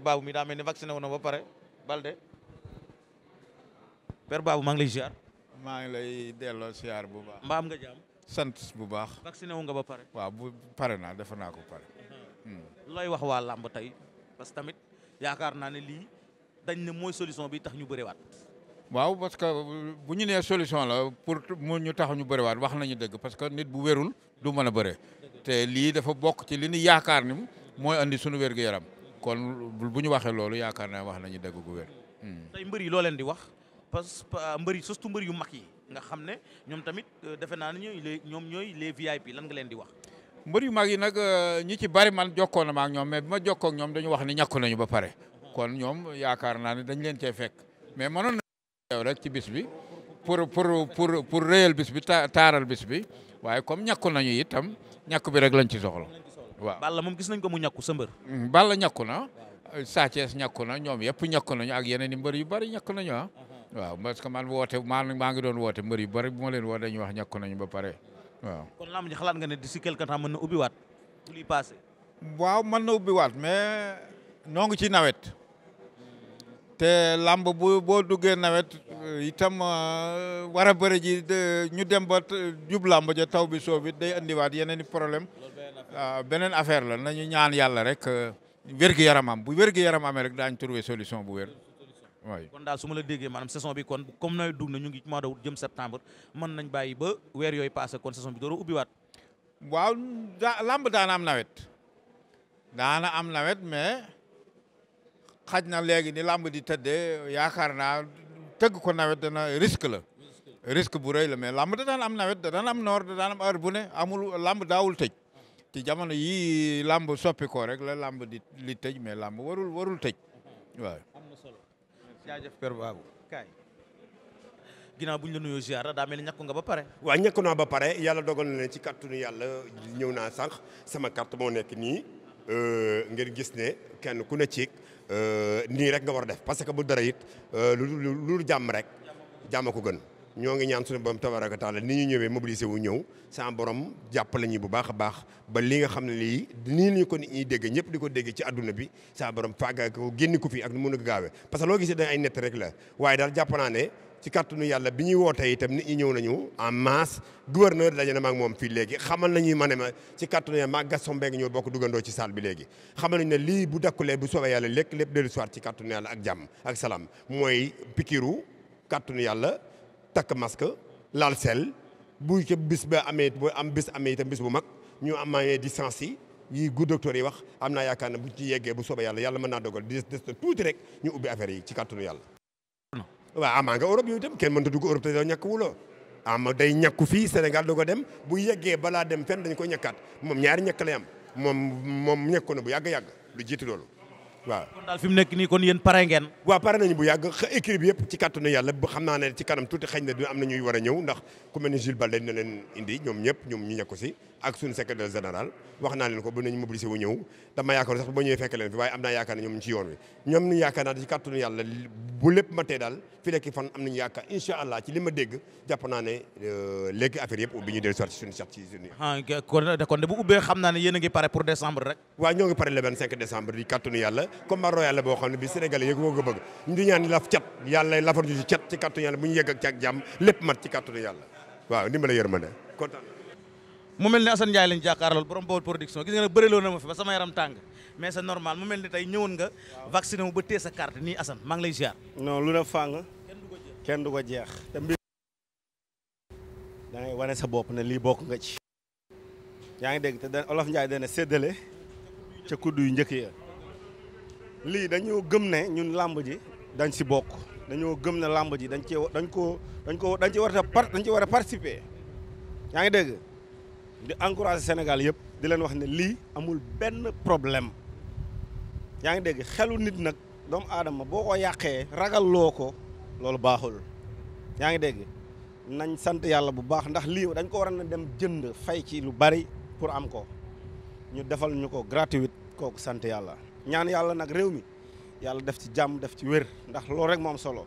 père Babou mi daa mel ni vacciné wu na ba pare Balde père Babou maa ngi lay ziar. maa bu baax. mbaa nga jàmm. sant bu baax. vacciné wu nga ba pare. waaw bu pare naa defe naa ko pare. Hmm. looy wax waa làmb tey parce que tamit yaakaar naa ne lii dañ ne mooy solution bi tax ñu waat waaw parce que bu ñu nee solution la pour mu ñu tax ñu bëriwaat wax nañu dëgg parce que nit bu wérul du mën a bëre. te lii dafa bokk ci li ñu yaakaar ni mooy indi sunu wér-gu-yaram. kon bu ñu waxee loolu yaakaar naa wax nañu dëgg gu wér. Hmm. mbër yi loo leen di wax parce que euh, mbër yi surtout mbër yu mag yi nga xam ne ñoom tamit euh, defe naa ne ñooy ñoom ñooy les VIP lan nga leen di wax. mbër yu mag yi nag euh, ñi ci bari man jokkoon na ma ak ñoom mee bi ma jokkoo ñoom dañu wax ni ñàkk nañu ba pare. kon ñoom yaakaar naa ne dañ leen cee fekk mais mënoon na rek ci bis bi pour pour pour pour réyal bis bi taaral bis bi waaye comme ñàkk nañu itam ñàkk bi rek lañ ci soxla. waaw Balla moom gis nañ ko mu ñàkku sa mbër. Mm, Balla ñàkku na. Sa Thiès ñàkku na ñoom yëpp ñàkku nañu ak yeneen i mbër yu bari ñàkku nañu ah. Uh-huh. waaw parce que man maa maa ngi doon woote mbër yu bari bu ma leen woo dañuy wax ñàkku nañu ba pare waaw. kon nga ne d'ici quelque temps mën na ubbiwaat. lii passé. waaw mën na mais noo ngi ci nawet. te lamb bu boo duggee nawet euh, itam euh, war a bëri ji ñu dem ba jub lamb ja taw bi soobit day indiwaat yeneen i problème Euh, beneen affaire la na ñu ñaan yàlla rek euh, yaram am bu wérgu yaram amee rek daañu trouver solution bu wér. waay kon daal su ma la déggee maanaam saison bi kon comme na dug na ñu ngi mois d'août jëm septembre mën nañ bàyyi ba weer yooyu passé kon saison bi door a ubbiwaat. waaw da làmb daana am nawet daana am nawet mais xaj na léegi ni làmb di tëddee yaakaar naa tëgg ko nawet dana risque la. bu rëy la mais làmb da am nawet da am noor da am heure bu ne amul làmb daawul tëj. te jamono yii làmb soppi ko rek la làmb di li tëj mais làmb warul warul tëj mhm. waa am na solo jaajëf Père Babou kaay. ginnaaw bu ñu la nuyoo ziar daa mel ni nga ba pare. waa ñàkk naa ba pare yàlla dogal na leen ci kàttanu yàlla ñëw naa sànq sama carte moo nekk nii euh, ngir gis ne kenn ku ne ci euh, nii rek nga war a def parce que bu dara it euh, lu lu jàmm rek jàmm ko gën. ñoo ngi ñaan suñu borom tabaraka taala ni ñu ñëwee mobilisé wu ñëw sama borom jàppale ñu bu baax a baax ba li nga xam ne lii nii ñu ko nit ñuy dégg ñëpp di ko dégg ci àdduna bi sama borom faaga ko génn ko fi ak nu mun a que loo gisee da ay nett rek la waaye daal jàpp naa ne ci kàttanu itam nit ñi ñëw nañu en masse gouverneur daje na ma ak moom fii léegi xamal nañu ma ne ma ci kàttanu yàlla maag Gaston Mbengue ñoo bokk dugandoo ci saal bi léegi xamal nañu ne lii bu dakkulee bu soobee yàlla lekk lépp dellu soir ci kàttanu yàlla ak jàmm ak salaam mooy pikiru kàttanu yàlla takk masque laal sel bu ca bis ba amee boo am bis amee itam bis bu mag ñu am amee distance yi yi gu docteur yi wax am naa yaakaar ne bu ci yeggee bu soobee yàlla yàlla mën naa dogal di des tuuti rek ñu ubbi affaire yi ci kàttanu yàlla. waa amaa nga Europe yooyu itam kenn mënta dugg Europe te doo ñàkk wuloo ama day ñàkku fii Sénégal doo ko dem bu yeggee balaa dem fenn dañ ko ñàkkaat moom ñaari ñàkk lay moom moom ñàkkoon na bu yàgg-yàgg lu jiitu loolu. waaw kon daal fi mu nekk nii kon yéen pare ngeen waaw pare nañu bu yàgg écrit bi yëpp ci kàttanu yàlla ba xam naa ne ci kanam tuuti xëy na du am na ñuy war a ñëw ndax ku mel ni Jules Baldé na leen indi ñoom ñëpp ñoom ñu nekk si ak suñu secrétaire général wax naa leen ko ba nañu mobiliser wu ñëw dama yaakaar sax ba ñëwee fekk leen fi waaye am naa yaakaar ne ñu ñu yaakaar naa ci kàttanu yàlla bu lépp matee daal fi lekk fan am nañu yaakaar incha allah ci li dégg jàpp naa ne euh, léegi affaire yëpp ubbi ñu dellu ci suñu ci suñu ah, kon de bu ubbee xam naa ne yéen a ngi pare pour décembre rek waaw ñoo ngi combat royal la boo xam ne bi Sénégalais yëg ko ko bëgg ñu ñaan laf cat yàlla lafar ñu ci cat ci kàttanu yàlla bu ñu yegg ak cak jàmm lépp mat ci kàttanu yàlla waaw ndimbal yërmande kontaan mu mel ne Assane Ndiaye lañ jàkkaarlool borom Baol production gis nga nag bëriloo na ma fi ba sama yaram tàng mais c'est normal mu mel ni tey ñëwoon nga vacciné ba tee sa carte nii Assane maa ngi lay ziar non lu na fàng kenn du ko jeex da ngay wane sa bopp na lii bokk nga ci yaa ngi dégg da olof Ndiaye dana séddale ca kuddu yu njëkk lii dañoo gëm ne ñun làmb ji dañ si bokk dañoo gëm ne làmb ji dañ cee dañ ko dañ ko dañ ci war a par dañ ci war a participer yaa ngi dégg di encourager Sénégal yëpp di leen wax ne lii amul benn problème yaa ngi dégg xelu nit nag doomu aadama boo ko yàqee ragal loo ko loolu baaxul yaa ngi dégg nañ sant yàlla bu baax ndax lii dañ ko war a dem jënd fay ci lu bari pour am ko ñu defal ñu ko gratuite kooku sant yàlla ñaan yàlla nag réew mi yàlla def ci jàmm def ci wér ndax loolu rek moom solo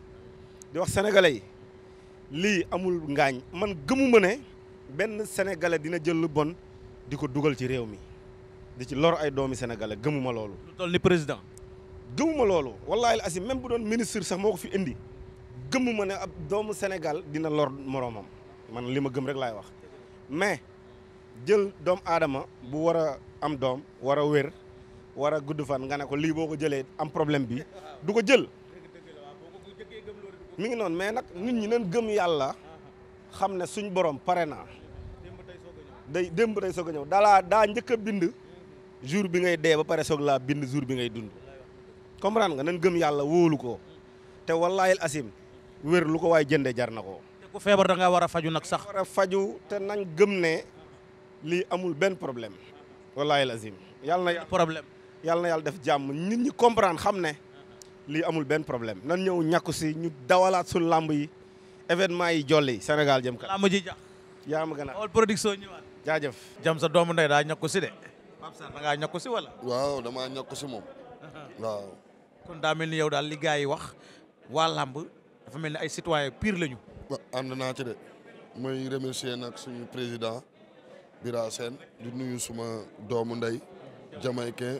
di wax sénégalais yi lii amul ngaañ man gëmuma ne benn sénégalais dina jël lu bon di ko dugal ci réew mi di ci lor ay doomi sénégalais gëmuma loolu. lu toll ni président. gëmuma loolu wallaahi asi même bu doon ministre sax moo ko fi indi gëmuma ne ab doomu Sénégal dina lor moroomam man li ma gëm rek laay wax mais jël doomu aadama bu war a am doom war a wér. war a gudd fan nga ne ko lii boo ko jëlee am problème bi du ko jël mi ngi noonu mais nag nit ñi nañ gëm yàlla xam ne suñ borom pare na day démb tey soog a ñëw dalaa daa njëkk a bind jour bi ngay dee ba pare soog laa bind jour bi ngay dund comprendre nga nañ gëm yàlla wóolu ko te wallaayil asim wér lu ko waay jënde jar na ko. te ku feebar da ngaa war a faju nag sax. a faju te nañ gëm ne lii amul benn problème. wallaayil asim yàlla na. problème. yàlla na yàlla def jàmm ñu comprendre xam ne lii amul benn problème nan ñëw ñàkku si ñu dawalaat suñu làmb yi événement yi jolli Sénégal jëm kat. làmb ji jax yaa ma gën a. Baol Production jaajëf. jam sa doomu ndey daa ñàkku si de. Pape Sarr da ngaa si wala. waaw damaa ñàkku si moom. kon daa mel ni yow daal li gars yi wax waa làmb dafa mel ni ay citoyen piir lañu. waaw ànd naa ci de muy remercier nag suñu président Bira di nuyu suma doomu ndey jamaïcain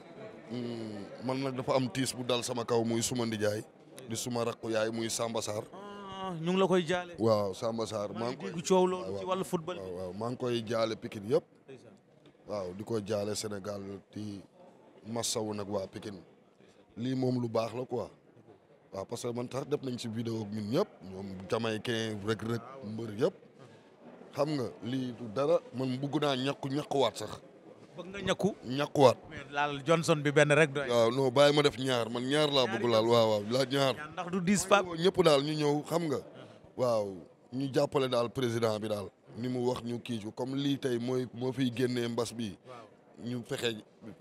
Mm, man nag dafa am tiis bu dal sama kaw muy suma ndijaay di suma rakku yaay muy Samba Sarr. Ah, ñu la koy jaale. waaw Samba Sarr maa ngi koy maa ngi koy jaale Pikine yëpp. waaw di ko jaale Sénégal di massawu nag waa Pikine lii moom lu baax la quoi. waaw parce que man tax def nañ si vidéo ñun ñëpp ñoom Jamaïcain Reug rek mbër yëpp. xam nga lii du dara man bugg naa ñàkku ñàkkuwaat sax. bëgg nga ñàkku ñàkkuwaat laal Johnson bi benn rek doy waaw non bàyyi ma def ñaar man ñaar laa bëgg laal waaw waaw laa ñaar ndax du diis Pape ñëpp daal ñu ñëw xam nga waaw ñu jàppale daal président bi daal ni mu wax ñu kii comme lii tey mooy moo fiy génnee mbas bi ñu fexe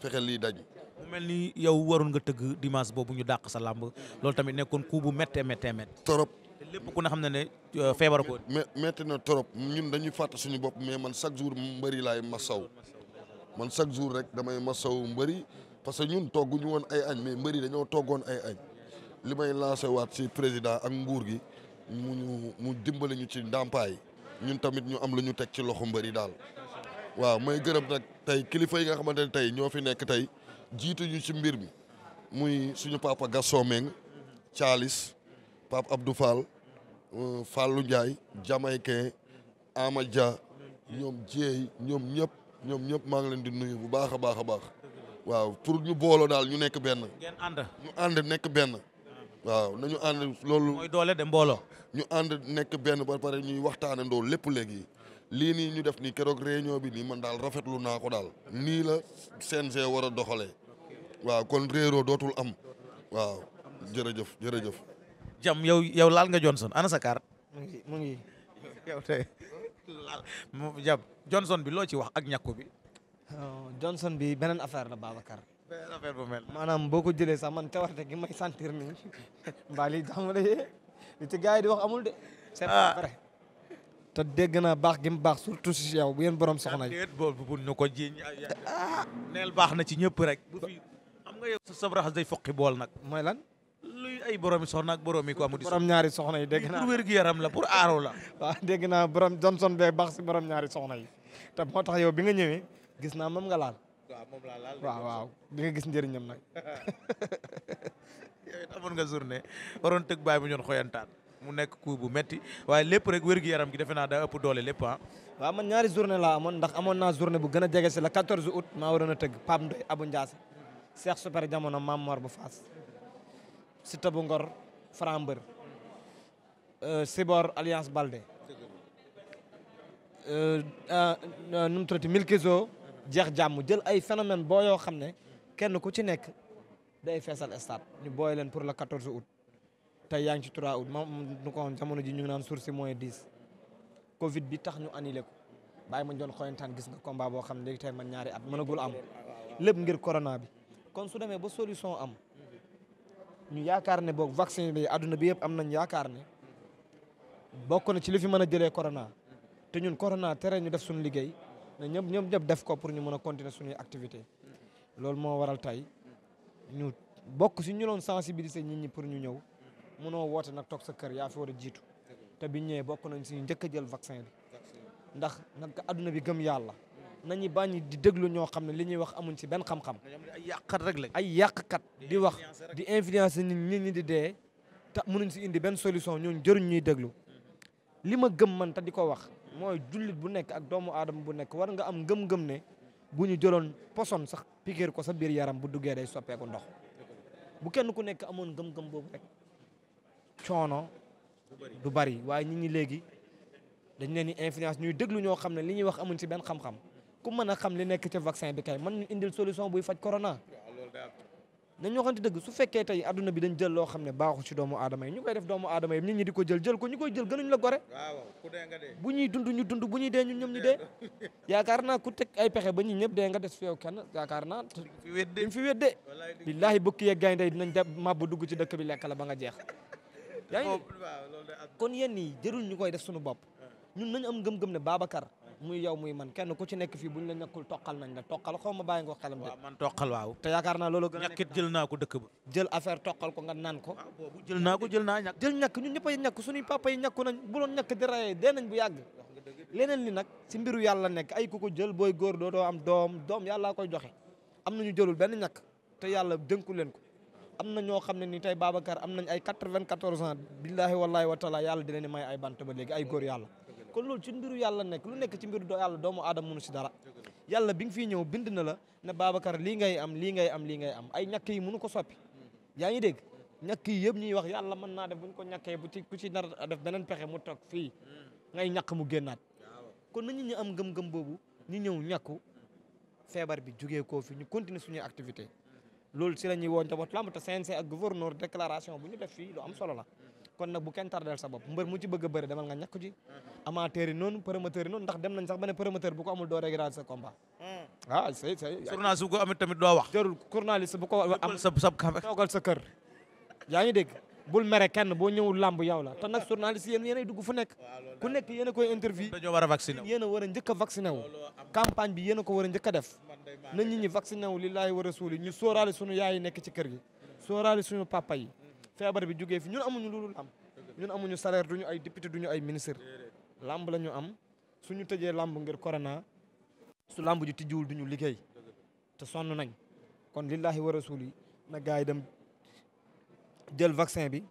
fexe lii dañ mu mel ni yow waroon nga tëgg dimanche boobu ñu dàq sa làmb loolu tamit nekkoon coup bu méttee méttee métt trop lépp ku xam ne ne euh, feebar ko métti na trop ñun dañuy fàtt suñu bopp mais man chaque jour mbëri laay masaw man chaque jour rek damay masawu mbëri parce que ñun togguñu woon ay añ mais mbëri dañoo toggoon ay añ li may lancé waat si président ak nguur gi mu ñu mu dimbali ñu ci ndàmpaay ñun tamit ñu am lu ñu teg ci loxo mbëri daal. waaw may gërëm nag tey kilifa yi nga xamante ne tey ñoo fi nekk tey jiituñu ci mbir mi muy suñu papa Gaston Meng Thialis Pape Abdou Fall euh, Fallou Ndiaye Jamaïcain Ama Dia ñoom Dieye ñoom ñëpp. ñoom ñëpp maa ngi leen di nuyu bu baax a baax a baax waaw pour ñu booloo daal ñu nekk benn. ànd. ñu ànd nekk benn. waaw nañu ànd loolu. mooy doole de mboolo ñu ànd nekk benn ba pare ñuy waxtaanee ndoo lépp léegi lii nii ñu def nii keroog réunion bi nii man daal rafetlu naa ko daal. nii la CNG war a doxalee. waaw kon réeroo dootul am. waaw jërëjëf jërëjëf. jam yow yow laal nga Johnson ana mu ngi jàpp Johnson bi loo ci wax ak ñàkku bi. Oh, Johnson bi beneen affaire la Babacar. beneen affaire bu mel. maanaam boo ko jëlee sax man tawarte gi may sentir nii mbaa lii jàmm de li ci gars yi di wax amul de. c'est ah. vrai te dégg naa baax gi mu baax surtout si yow bu yéen borom soxna yi. bool bu ñu ko jiñ neel baax na ci ñëpp rek. bu fi am nga yow sa sabraxas day foqi bool nag. mooy lan. ay boromi soxna ak boromi ko amul borom ñaari soxna yi dégg naa pour wér gu la pour aaro la waaw dégg naa borom Johnson bee baax si borom ñaari soxna yi te moo tax yow bi nga ñëwee gis naa moom nga laal waaw moom laa laal waaw waaw di nga gis njëriñam nag yow it amoon nga journée waroon tëg baay bu ñoon xoyantaan mu nekk coup bu metti waaye lépp rek wér gu yaram gi defe naa daa ëpp doole lépp ah waaw man ñaari journée ndax amoon naa journée bu gën a jege si la 14 août maa waroon a tëgg Pape Ndoye Abou Ndiassé Cheikh Super Jamono maam Mor bu Faas Siteu bu Ngor Franc Mbeur euh, Sibor Alliance Balde euh, euh, nu mu tuddati Milkizo jeex jàmm jël ay phénomène boo yoo xam ne kenn ku ci nekk day feesal stade ñu booy leen pour le 14 août tey yaa ngi ci 3 août moom nu ko waxoon jamono ji ñu ngi naan source moins 10 covid bi tax ñu annulé ko bàyyi ma doon xoyantaan gis nga combat boo xam ne léegi tey man ñaari at mënagul am lépp ngir corona bi kon su demee ba solution am ñu yaakaar ne boog vaccin bi àdduna bi yëpp am nañ yaakaar ne bokk na ci li fi mën a jëlee corona te ñun corona tere ñu def suñu liggéey na ñëpp ñëpp ñëpp def ko pour ñu mën a continuer suñu activité loolu moo waral tey ñu bokk si ñu doon sensibiliser nit ñi pour ñu ñëw munoo woote nag toog sa kër yaa fi war a jiitu te biñ ñëwee bokk nañ si njëkk a jël vaccin bi ndax nag àdduna bi gëm yàlla nañu bàññi di déglu ñoo xam ne li ñuy wax amuñ ci benn xam-xam. ay yàqkat rek lañ. ay yàqkat di wax di influencer nit ñi di dee te mënuñ si indi benn solution ñooñu jëruñ ñuy déglu li ma gëm man di ko wax mooy jullit bu nekk ak doomu aadama bu nekk war nga am gëm-gëm ne bu ñu jëloon poson sax piqûre ko sa biir yaram bu duggee day soppeeku ndox bu kenn ku nekk amoon gëm-gëm boobu rek coono du bari waaye nit ñi léegi dañ leen di influence ñuy déglu ñoo xam ne li ñuy wax amuñ si benn xam-xam. ku mën a xam li nekk ci vaccin bi kay mën ñu indil solution buy faj corona. nañu waxante dëgg su fekkee tey adduna bi dañ jël loo xam ne baaxul ci doomu aadama yi ñu koy doomu aadama yi nit ñi di ko jël jël ko ñu koy jël gënuñu la gore. bu ñuy dundu ñu dund bu ñuy dee ñu ñoom ñu dee. yaakaar naa ku teg ay pexe ba ñi ñëpp dee nga des fi yow kenn yaakaar naa. dañ fi weddee. billaahi bëkk yeeg gaynde dinañ dem màbb dugg ci dëkk bi lekk la ba nga jeex. yaa ngi kon yenn yi jërul ñu koy def suñu bopp ah. ñun nañu muy yow muy man kenn ku ci nekk fii buñ la ñàkkul toqal nañ la toqal xaw ma bàyyi nga ko xelam de. waaw man toqal waaw. te yaakaar naa loolu gën a ñàkkit jël naa ko dëkk ba. jël affaire toqal ko nga naan ko. boobu jël naa ko jël naa ñàkk. jël ñàkk ñun ñëpp a ñàkk suñuy papa yi ñàkku nañ bu doon ñàkk di rayee dee nañ bu yàgg. leneen ni nag ci mbiru yàlla nekk ay ku ko jël booy góor doo doo am doom doom yàlla koy joxe am na ñu jëlul benn ñàkk te yàlla jënku leen ko am na ñoo xam ne ni tey Babacar am nañ ay quatre-vingt-quatorze ans billaahi wallaahi wa taala yàlla dina ne ay bant ba léegi ay góor yàlla kon loolu ci mbiru yàlla nekk lu nekk ci mbiru yàlla doomu aadama mënu si dara yàlla bi nga fiy ñëw bind na la ne Babacar lii ngay am lii ngay am lii ngay am ay ñàkk yi mënu ko soppi yaa ngi dégg ñàkk yi yëpp ñuy wax yàlla mën naa def buñ ko ñàkkee bu ci ku ci nar def beneen pexe mu toog fii ngay ñàkk mu génnaat kon na ñi ñu am ngëm gëm boobu ñu ñëw ñàkku feebar bi jugee koo fi ñu continuer suñuy activité loolu si la ñuy woote wat lamb te CNC ak gouverneur déclaration bu ñu def fii lu am solo la kon nag bu kenn tardel sa bopp mbër mu ci bëgg a bëri demal nga ñàkk ci amateur yi noonu promoteur yi noonu ndax dem nañ sax ba ne promoteur bu ko amul doo régler sa combat hmm. ah c'est ko amit tamit doo wax jarul journaliste bu ko am kenn boo ñëwul làmb yow la te nag journaliste yéen yéen ay dugg fu nekk ku nekk yéen a koy interview dañoo war a vacciné wu a a njëkk a vacciné wu campagne bi yéen a ko war a njëkk a def na nit ñi vacciné wu lillaahi wa rasuuli ñu sóoraale suñu yaay nekk ci kër gi sóoraale suñu feebar bi jugee fi ñun amuñu loolu am ñun amuñu salaire duñu ay député duñu ay ministre làmb la ñu am ñu tëjee làmb ngir corona su làmb ji du ñu liggéey te sonn nañ kon lillahi wa rasuli na gars yi dem jël vaccin bi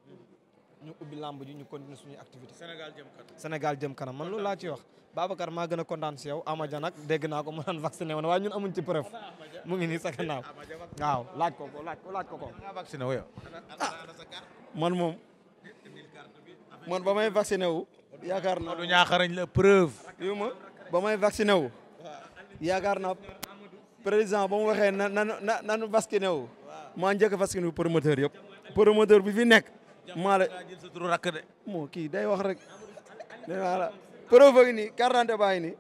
ñu ubbi lamb ji ñu continuer suñuy activité Sénégal jëm kanam Sénégal jëm man loolu laa ciy wax Babacar maa gën a kontaan si yow Amadia nag dégg naa ko mu naan vacciné woon waaye ñun amuñ ci preuve mu ngi nii sa waaw laaj ko ko laaj ko laaj ko ko vacciné wu yow ah! man moom man ba may vacciné wu yaakaar naa du ñaaxarañ la preuve ma ba may vacciné wu yaakaar naa ba mu waxee na na na nu vacciné wu maa njëkk a vacciné wu promoteur yëpp promoteur bi fi nekk maa la moo kii day wax rek nee naa la preuve ngi nii carte d'identité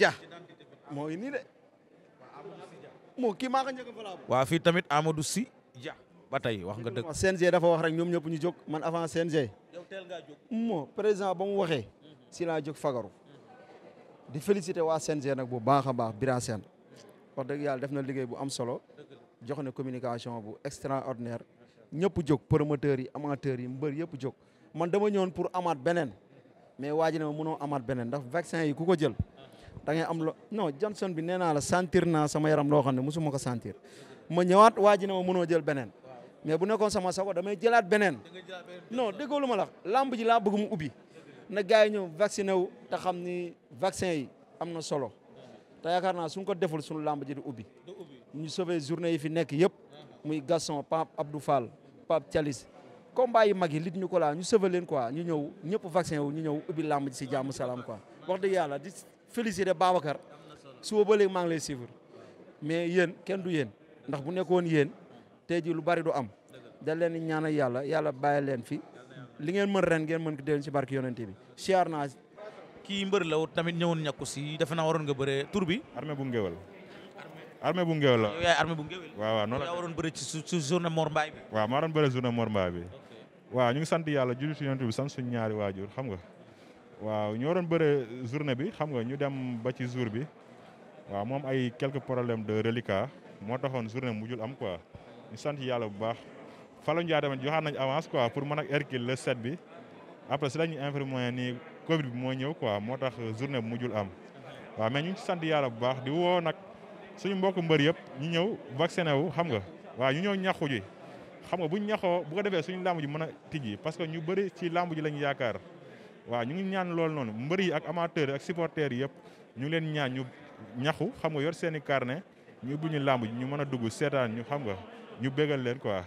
ja moo ngi de moo kii maa ko njëkk fa laa waaw tamit Amadou si ja ba tey wax nga dëgg CNG dafa wax rek ñoom ñëpp ñu jog man avant CNG yow moo président ba mu waxee si laa jóg fagaru di féliciter waa CNG nag bu baax a baax Bira Sène wax dëgg yàlla def na liggéey bu am solo jox na communication bu extraordinaire ñëpp jóg promoteurs yi amateurs yi mbër yëpp jóg man dama ñëwoon pour amaat beneen mais waa ji ne ma mënoo amaat beneen ndax vaccin yi ku ko jël da ngay am lo non Johnson bi nee la sentir naa sama yaram loo ne mosuma ko sentir ma ñëwaat waa ji ne ma mënoo jël beneen mais bu nekkoon sama sago damay jëlaat beneen non déggoo lu ma la lamb ji laa bëgg mu ubbi na gars yi ñëw vacciné wu te xam ni vaccin te yaakaar naa suñ ko deful suñu lamb ji di ubbi ñu sauver journée yi fi nekk yëpp muy Gasson Pape Abdou Fall Pape Thialis combat yi mag yi lit ñu ko laa ñu sauver leen quoi ñu ñëw ñëpp vaccin wu ñu ñëw ubbi lamb si jàmm salaam quoi wax dëgg yàlla di féliciter Babacar suba ba léegi maa ngi lay suivre mais yéen kenn du yéen ndax bu nekkoon yéen tey jii lu bari du am da leen di ñaanal yàlla yàlla bàyyi leen fi li ngeen mën ren ngeen mën ko déwén si barke yonente bi siyaar kii mbër la tamit ñëwoon ñàkku si defe naa waroon nga bëree tur bi. bu ngéwél. armée bu ngéwél la yow yaay armée bu ngéwél. waaw waaw noonu la waroon bëree ci su journée Mor Mbaye bi. waaw ñu ngi sant yàlla julli ci yonent bi sant suñu ñaari waajur xam nga. waaw ñoo doon bëree journée bi xam nga ñu dem ba ci jour bi. waaw moom ay quelques problèmes de reliquat moo taxoon journée mujjul am quoi ñu sant yàlla bu baax Fallou Ndiaye tamit joxaat nañ avance quoi pour mën ak Hercule le bi après si la ñuy informé nii Covid bi moo ñëw quoi moo tax euh, journée bu mujjul am waaw mais ñu sant yàlla bu baax di woo nag suñu mbokk mbër yëpp ñu ñëw vacciné wu xam nga waaw ñu ñëw ñaxu ji xam nga buñ ñaxoo bu ko suñu làmb ji mën a tijji parce que ñu bëri ci làmb ji lañ yaakaar waaw ñu ngi ñaan loolu noonu mbër yi ak amateur ak supporters yëpp ñu leen ñaan ñu ñaxu xam nga yor seen i carnet ñu ubbi làmb ji ñu mën a dugg seetaan ñu xam nga ñu bégal leen quoi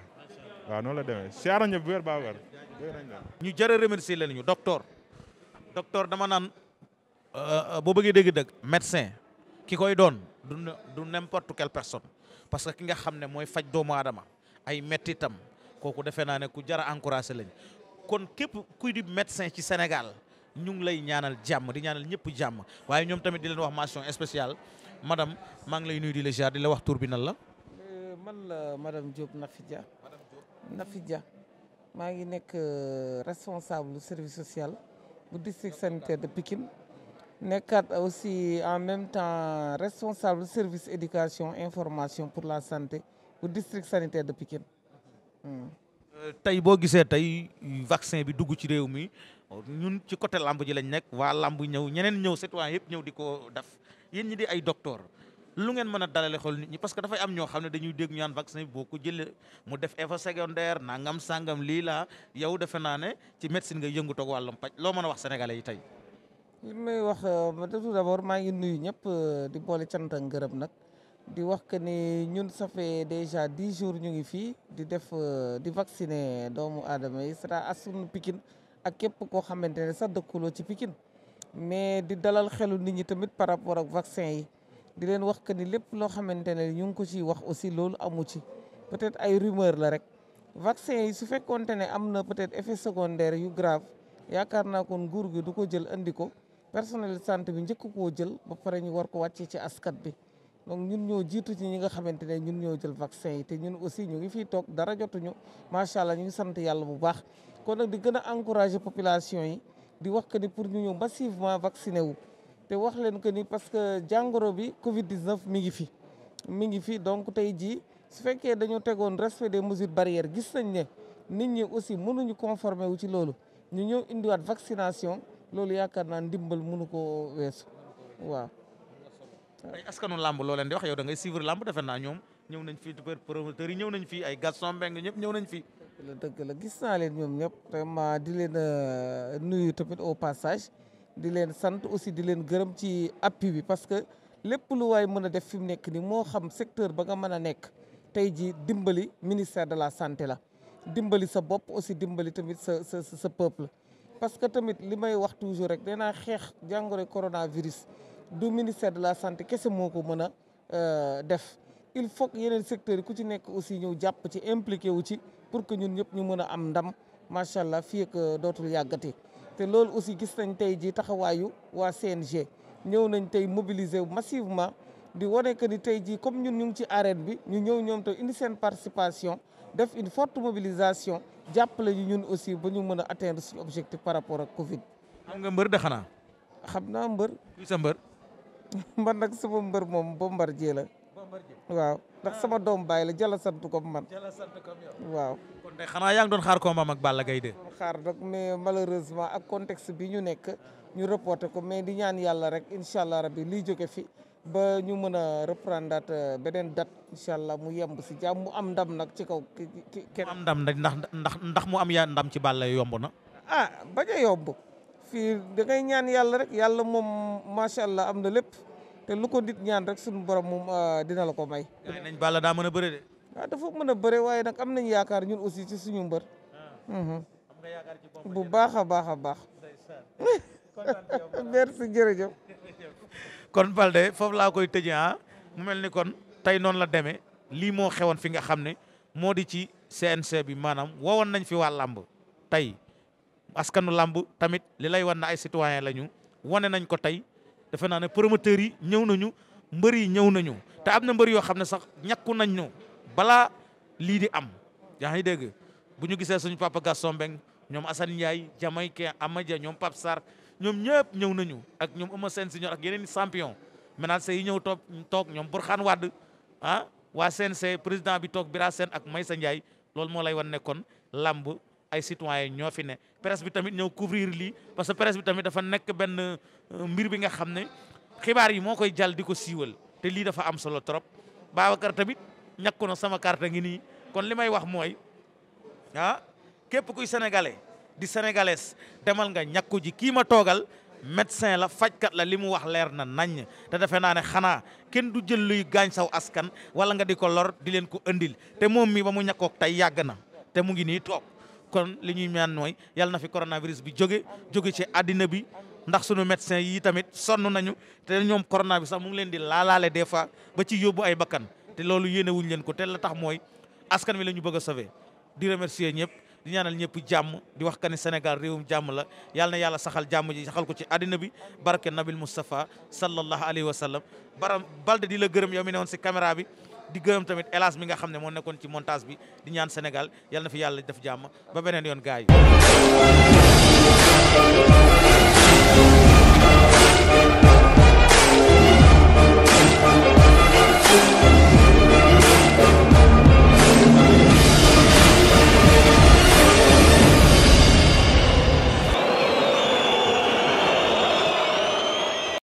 noonu la demee siyaara ñëpp wér baabar ñu jërë remercier leen ñu docteur docteur dama naan euh, boo bëggee dégg dëgg médecin ki koy doon du du n'importe quelle personne parce que ki nga xam ne mooy faj doomu aadama ay mettitam kooku defee naa ne ku jar a encouragé lañ kon képp kuy di médecin ci Sénégal ñu ngi lay ñaanal jàmm di ñaanal ñëpp jàmm waaye ñoom tamit di leen wax mention spéciale madame maa ngi lay nuyu di la jaar di la wax tur la. Euh, man la madame Diop Nafidja. madame Diop Nafidja maa ngi nekk euh, responsable service social. bu district sanitaire de Pikine nekkaat aussi en même temps responsable service éducation information pour la santé bu district sanitaire de Pikine. Hmm. Euh, tey boo gisee tey vaccin bi dugg ci réew mi ñun ci côté lamb ji lañ nekk waa lamb ñëw ñeneen ñëw citoyen yëpp ñëw di ko def yéen ñi di ay docteur lu ngeen mën a dalale xol nit ñi parce que dafay am ñoo xam ne dañuy dégg ñu naan vaccin boo ko jëlee mu def effet secondaire nangam sangam lii laa yow defe naa ne ci médecine nga yëngu toog wàllum paj loo mën a wax sénégalais yi tey. li may wax euh, tout abord maa ngi nuyu ñëpp euh, di boole cant ak ngërëm nag di wax que ni ñun ça fait déjà dix jours ñu ngi fii di def euh, di vacciner doomu aadama yi sera asun pikin ak képp koo xamante ne sax dëkkuloo ci Pikine mais di dalal xelu nit ñi tamit par rapport ak vaccin yi. di leen wax que ni lépp loo xamante ne ñu ngi ko ciy wax aussi loolu amu ci peut-être ay rumeur la rek vaccin yi su fekkoonte ne am na peut-être effet secondaire yu grave yaakaar na kon nguur gi du ko jël andi ko personnel sant bi njëkk koo jël ba pare ñu war ko wàccee ci askat bi donc ñun ñoo jiitu ci ñi nga xamante ne ñun ñoo jël vaccin yi te ñun aussi ñu ngi fiy toog dara jotuñu macha allah ñu ngi sant yàlla bu baax kon nag di gën a encourager population yi di wax que ni pour ñu ñëw massivement vacciné wu. te wax leen que ni parce que jàngoro bi Covid 19 mi ngi fi mi ngi fi donc tey jii su fekkee dañoo tegoon respect des mesures barrières gis nañ ne nit ñi aussi mënuñu conformer wu ci loolu ñu ñëw indiwaat vaccination loolu yaakaar naa ndimbal mënu koo weesu waaw. ay askanu làmb loo leen di wax yow da ngay suivre làmb naa ñoom ñëw nañ fii promoteurs yi ñëw nañ fii ay Gaston Mbengue ñëpp ñëw nañ fii. dëgg la gis naa leen ñoom ñëpp vraiment di leen euh, nuyu tamit au passage. di leen sant aussi di leen gërëm ci appui bi parce que lépp lu waay mën a def fi mu nekk nii moo xam secteur ba nga mën a nekk tey jii dimbali ministère de la santé la dimbali sa bopp aussi dimbali tamit sa sa sa peuple. parce que tamit li may wax toujours rek danaa xeex jàngoro coronavirus du ministère de la santé kese moo ko mën a euh, def il faut que yeneen secteurs yi ku ci nekk aussi ñëw jàpp ci impliqué wu ci pour que ñun ñëpp ñu mën a am ndam macha allah fii euh, dootul yàggati. te loolu aussi gis nañ tey jii taxawaayu waa CNG ñëw nañ tey mobiliser massivement di wane que ni tey jii comme ñun ñu ngi ci arène bi ñu ñëw ñoom te indi seen participation def une forte mobilisation jàppale ñu ñun aussi ba ñu mën a atteindre suñu objectif par rapport ak Covid. am nga mbër de xam naa mbër. kuy sa mbër. man nag sama mbër moom Bombardier la. waaw ndax ah. sama doom baay la jala sant ko man. jala sant ko waaw. kon xanaa yaa ngi doon xaar ko combat ak Balla Gaye 2. xaar nag mais malheureusement ak contexte bi ñu nekk ñu reporté ko mais di ñaan yàlla rek incha allah rabi liy jóge fi ba ñu mën a reprendre euh, beneen date incha mu yemb si jàmm mu am ndam nag ci kaw. kenn am ndam nag ndax ndax ndax mu am yaa ndam ci la yomb na. ah bañ a yomb fii da ñaan yàlla rek yàlla moom macha allah am na lépp. te lu ko nit ñaan rek suñu borom moom euh, dina la ko may. nañ Balla daa mën a bëre de. waaw ah, dafa mën a bëre waaye nag am nañ yaakaar ñun aussi si suñu mbër. Ah. Mhm. am nga yaakaar ci boppam bu baax a baax a baax. merci kon Balde foofu laa koy tëjee ah mu mel ni kon tey noonu la demee lii moo xewoon fi nga xam ne moo di ci CNG bi maanaam wowoon nañ fi waa làmb tey askanu làmb tamit li lay wan na ay citoyen lañu wone nañ ko tey. defe naa ne promoteurs yi ñëw nañu mbër yi ñëw nañu te am na mbër yoo xam ne sax ñàkku nañ ñu balaa lii di am yaa ngi dégg bu ñu gisee suñu papa Gaston Mbengue ñoom Assane Ndiaye Jamaïcain Amadia ñoom Pape Sarr ñoom ñëpp ñëw nañu ak ñoom Eumeu Sène Senior ak yeneen champion menace yi ñëw toog toog ñoom Bourkhane Wade ah waa CNC président bi toog Bira seen ak Maysa Ndiaye loolu moo lay wan nekkoon kon làmb ay citoyens ñoo fi ne presse bi tamit ñëw couvrir lii parce que presse bi tamit dafa nekk benn euh, mbir bi nga xam ne xibaar yi moo koy jàll di ko siiwal te lii dafa am solo trop Babacar tamit ñàkku na sama carte ngi nii kon li may wax mooy ah képp kuy sénégale di sénégalaise demal nga ñàkku ji kii ma toogal médecin la fajkat la li mu wax leer na nañ te defe naa ne xanaa kenn du jël luy gaañ saw askan wala nga di ko lor di leen ko andil te moom mi ba mu ñàkkoog tey yàgg na te kon li ñuy ñaan mooy yàlla na fi coronavirus bi jóge joge ci àddina bi ndax sunu médecin yi tamit sonn nañu te ñoom corona bi sax mu ngi leen di laalaale des fois ba ci yóbbu ay bakkan te loolu yéene wuñ leen ko te la tax mooy askan wi la ñu bëgg a sauver di remercier ñëpp di ñaanal ñëpp jàmm di wax ka ni Sénégal réewum jàmm la yàlla na yàlla saxal jàmm ji saxal ko ci àddina bi barke nabil Moustapha sallallahu alayhi wa sallam baram balde di la gërëm yow mi ne woon si caméra bi di gërëm tamit hélas bi nga xam ne moo nekkoon ci montage bi di ñaan senegal yal na fi yàlla def jàmm ba beneen yoon gaay